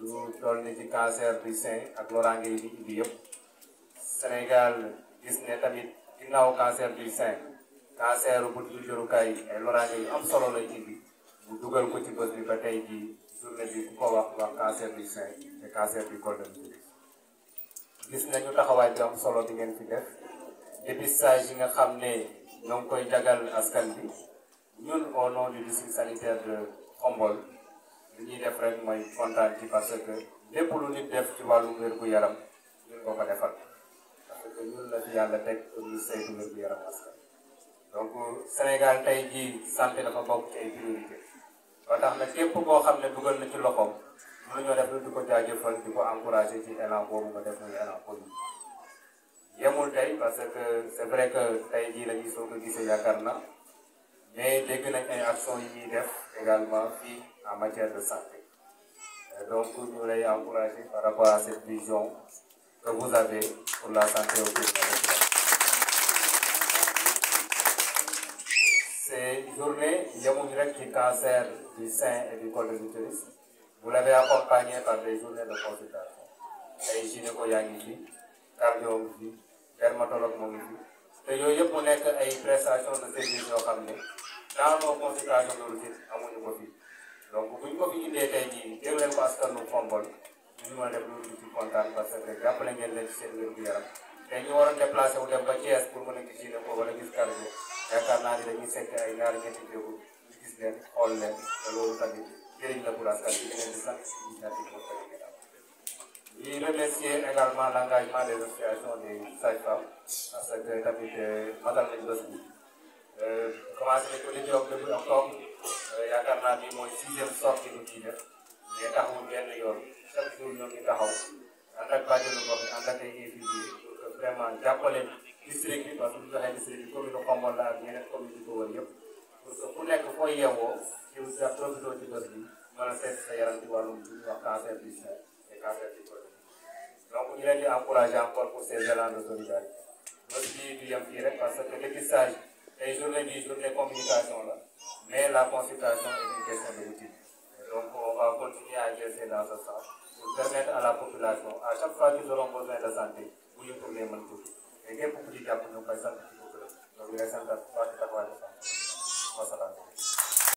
lu toll ni ci cancer du sein ak loraange yi indi yëpp Sénégal gis ne tamit ginnaaw cancer du sein cancer bu bëtu jurukaay ay loraange am solo lay indi mu ko ci bés bi ba tey jii journée bi ku ko wax wax cancer du sein cancer du col de l'utérus gis nañu taxawaay bi am solo bi ngeen fi def dépistage yi nga xam ne ñoo ngi koy jagal askan bi ñun au nom du district sanitaire de Khombole li ñuy def rek mooy kontaan ci parce que lépp lu nit def ci wàllum wér-gu-yaram ñun ko ko defal parce que ñun la fi yàlla teg pour ñu yaram donc Sénégal tey jii santé dafa bokk ci ay priorité ba tax na képp koo xam ne dugal na ci loxoom mën ñoo def lu di ko jaajëfal di ko encouragé ci élan boobu moo def muy élan boobu yemul tey parce que c'est vrai que tey jii la soo soog a gisee yaakaar na mais dégg nañ action actions également en matière de santé et donc vous lay encourager par rapport à cette vision que vous avez pour la santé au Sénégal. Ces journées mon mon du cancer du sein et du col de l'utérus vous l'avez accompagné par des journées de consultation et gynéco yaa dermatologue te yooyu yëpp mu nekk ay prestations de service yoo xam ne dans nos consultations d'origine amuñu ko fi donc buñ ko fi indee tey jii déglu leen ko askanu Khombole ñu mën a def loolu ci kontaan parce que jàppale ngeen leen ci seen wér gu yaram te ñu war a déplacé wu dem ba Thiès pour mën a gis yéene ko wala gis kàddu yaakaar naa ne dañuy sekk ay ñaari ñetti jéego ñu gis leen xool leen te loolu tamit jëriñ la pour askan bi di leen di sant si ñaari Et remercier également l'engagement des associations des sages-femmes, à cette activité, Madame Lindoski. Euh, commencé nañ ko liggéeyam depuis octobre euh, yaakaar naa ni mooy sixième sortie bu ciy def mais taxawul benn yoon chaque jour ñoom ñu taxaw ànd ak bàjjenu gox bi ànd ak ay infirmier pour que vraiment jàppale district bi parce que bu ñu waxee district bi commune Khombole la ak yeneen commune yi ko wër yëpp pour que ku nekk fooy yeewoo yow sa profité ci bés bi mën a seet sa yaram ci wàllum li ñuy wax cancer du sein Il a dû encourager encore pour ces élans de solidarité Je bii du yem fii parce que dépistage tey journée bii journée communication là. mais la consultation est une question de routine donc on va continuer à agir dans ce sens pour permettre à la population à chaque fois qu'ils auront besoin de santé bu ñu tourner mën tuuti mais képp a ci de ñu koy sant ci de la donc ñu de sant